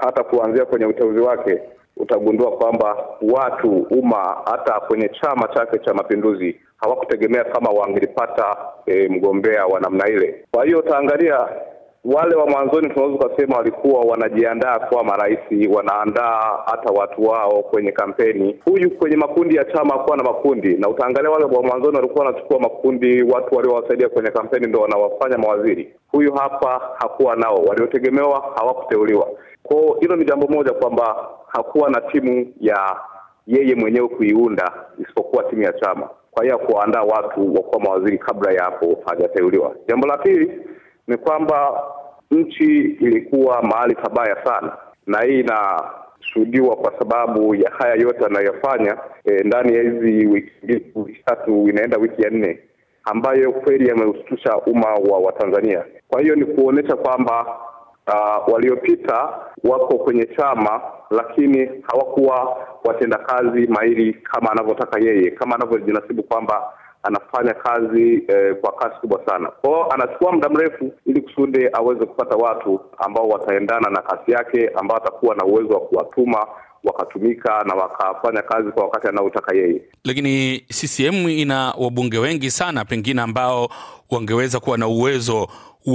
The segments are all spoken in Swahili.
hata kuanzia kwenye uteuzi wake utagundua kwamba watu umma, hata kwenye chama chake cha Mapinduzi hawakutegemea kama wangelipata e, mgombea wa namna ile. Kwa hiyo utaangalia wale wa mwanzoni tunaweza ukasema walikuwa wanajiandaa kuwa marais, wanaandaa hata watu wao kwenye kampeni. Huyu kwenye makundi ya chama kuwa na makundi, na utaangalia wale wa mwanzoni walikuwa wanachukua makundi, watu waliowasaidia kwenye kampeni ndo wanawafanya mawaziri. Huyu hapa hakuwa nao, waliotegemewa hawakuteuliwa. Kwao hilo ni jambo moja, kwamba hakuwa na timu ya yeye mwenyewe kuiunda isipokuwa timu ya chama. Kwa hiyo kuwaandaa watu wakuwa mawaziri kabla ya hapo hajateuliwa. Jambo la pili ni kwamba nchi ilikuwa mahali pabaya sana, na hii inashuhudiwa kwa sababu ya haya yote anayofanya e, ndani ya hizi wiki mbili, wiki tatu, inaenda wiki ya nne ambayo kweli yameushtusha umma wa Watanzania. Kwa hiyo ni kuonyesha kwamba uh, waliopita wako kwenye chama lakini hawakuwa watendakazi mahiri kama anavyotaka yeye, kama anavyojinasibu kwamba anafanya kazi eh, kwa kasi kubwa sana kwao, anachukua muda mrefu ili kusudi aweze kupata watu ambao wataendana na kasi yake, ambao atakuwa na uwezo wa kuwatuma wakatumika na wakafanya kazi kwa wakati anaotaka yeye. Lakini CCM ina wabunge wengi sana, pengine ambao wangeweza kuwa na uwezo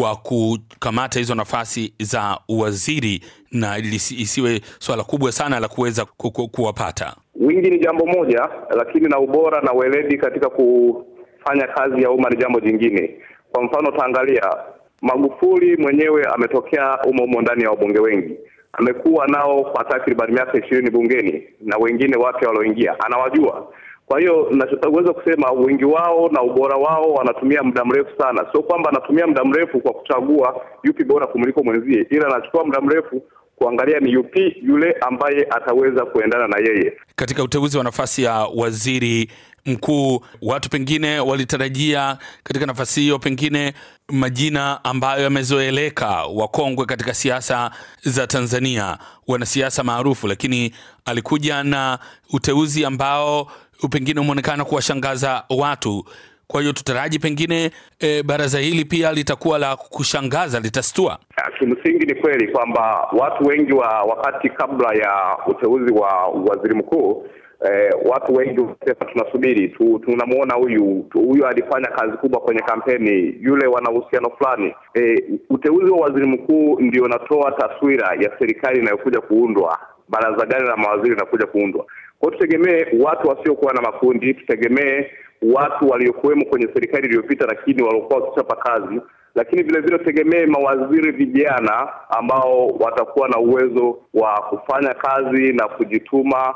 wa kukamata hizo nafasi za uwaziri na isiwe swala kubwa sana la kuweza kuwapata. Wingi ni jambo moja, lakini na ubora na weledi katika kufanya kazi ya umma ni jambo jingine. Kwa mfano, taangalia Magufuli mwenyewe ametokea umo umo ndani ya wabunge wengi amekuwa nao kwa takriban miaka ishirini bungeni na wengine wapya walioingia anawajua. Kwa hiyo ninachoweza kusema wengi wao na ubora wao wanatumia muda mrefu sana, sio kwamba anatumia muda mrefu kwa kuchagua yupi bora kumliko mwenzie, ila anachukua muda mrefu kuangalia ni yupi yule ambaye ataweza kuendana na yeye. Katika uteuzi wa nafasi ya waziri mkuu, watu pengine walitarajia katika nafasi hiyo pengine majina ambayo yamezoeleka, wakongwe katika siasa za Tanzania, wanasiasa maarufu, lakini alikuja na uteuzi ambao pengine umeonekana kuwashangaza watu. Kwa hiyo tutaraji pengine e, baraza hili pia litakuwa la kushangaza, litastua. Ah, kimsingi ni kweli kwamba watu wengi wa wakati kabla ya uteuzi wa waziri mkuu Eh, watu wengi wanasema tunasubiri tu, tunamwona huyu huyu alifanya kazi kubwa kwenye kampeni, yule wana uhusiano fulani. Eh, uteuzi wa waziri mkuu ndio unatoa taswira ya serikali inayokuja kuundwa, baraza gani la mawaziri linakuja kuundwa. Kwa tutegemee watu wasiokuwa na makundi, tutegemee watu waliokuwemo kwenye serikali iliyopita, lakini waliokuwa wakichapa kazi, lakini vile vile tegemee mawaziri vijana ambao watakuwa na uwezo wa kufanya kazi na kujituma.